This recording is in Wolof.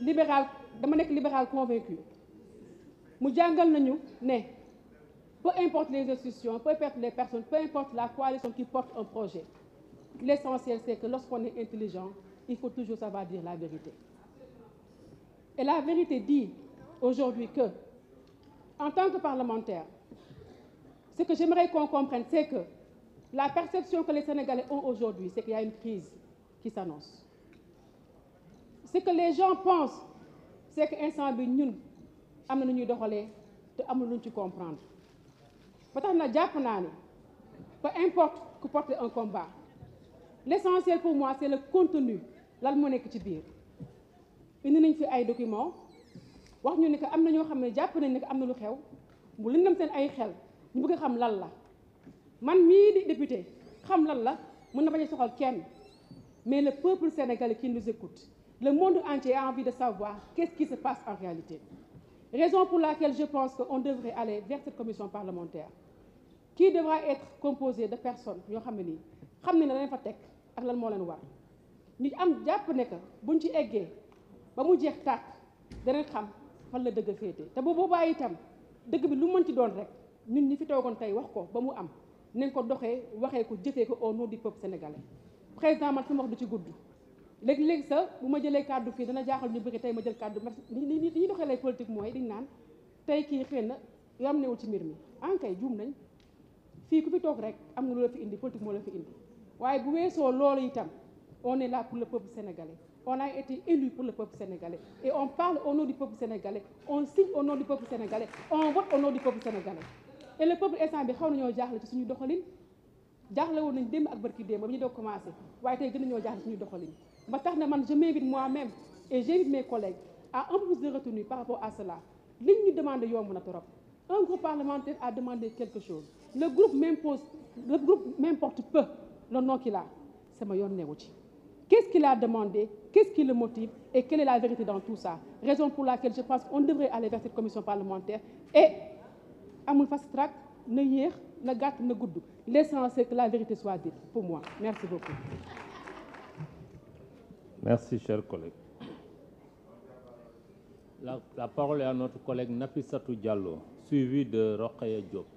libéral dama nekk libéral convaincu mu jàngal nañu ne peu importe les institutions peu importe les personnes peu importe la coalition qui porte un projet l'essentiel c'est que lorsqu'on est intelligent il faut toujours savoir dire la vérité et la vérité dit aujourd'hui que en tant que parlementaire ce que j'aimerais qu'on comprenne c'est que la perception que les Sénégalais ont aujourd'hui c'est qu'il y a une crise qui s'annonce ce que les gens pensent c'est instant bi ñun am na nu ñuy doxalee te amul luñ ci comprendre ba tax na jàpp naa ne peu importe ku porter un combat l'essentiel pour moi c'est le contenu lan moo nekk ci biir indi nañ fi ay documents wax ñu ne que am na ñoo xam ne jàpp nañ ne am na lu xew mu lëndam seen ay xel ñu bëgg xam lan la man mii di député xam lan la mën na bañ a soxal kenn mais le peuple sénégalais qui nous écoute Le monde entier a envie de savoir qu'est-ce qui se passe en réalité. Raison pour laquelle je pense qu'on devrait aller vers cette commission parlementaire qui devra être composée de personne ñoo xam ne nii xam ne na dañ fa teg ak lan moo leen war ñu am jàpp ne que buñ ci eggee ba mu jeex tàkk danañ xam fan la dëgg féete te bu boobaa itam dëgg bi lu mën ci doon rek ñun ñi fi toogoon tey wax ko ba mu am nañ ko doxee waxee ko jëfee ko au nom du peuple sénégalais président man su wax du ci gudd léegi léeg sax bu ma jëlee kàddu fii dana jaaxal ñu bëri tey ma jël kàddu parce que ni ñu doxee lay politique mooy dañ naan tey kii xëy na yam newul ci mbir mi ankay ah juum nañ fii ku fi toog rek am nga lu la fi indi politique moo la fi indi waaye bu weesoo loolu itam on est là pour le peuple sénégalais on a été élu pour le peuple sénégalais et on parle au nom du peuple sénégalais on signe au nom du peuple sénégalais on vote au nom du peuple sénégalais et le instant bi xaw nañoo jaaxle ci suñu doxalin jaaxle woon nañ démb ak barki démb ba ñu doog commencé waaye tey gën nañoo jaaxle ci suñu doxalin ba tax ne man je m'invite moi-même et j'invite mes collègues à un peu plus par rapport à cela liñ ñu demandé yomb na trop un groupe parlementaire a demandé quelque chose le groupe m'impose le groupe m'importe peu le nom qu'il a sama yoon newu ci qu'est-ce qu'il a demandé qu'est-ce qui le motive et quelle est la vérité dans tout ça raison pour laquelle je pense qu'on devrait aller vers cette commission parlementaire et amul fast track na yéex na gàtt na gudd l'essentiel que la vérité soit dite pour moi merci beaucoup Merci, chers collègues. La, la parole est à notre collègue Nafissatou Diallo, suivi de Rokhaya Diop.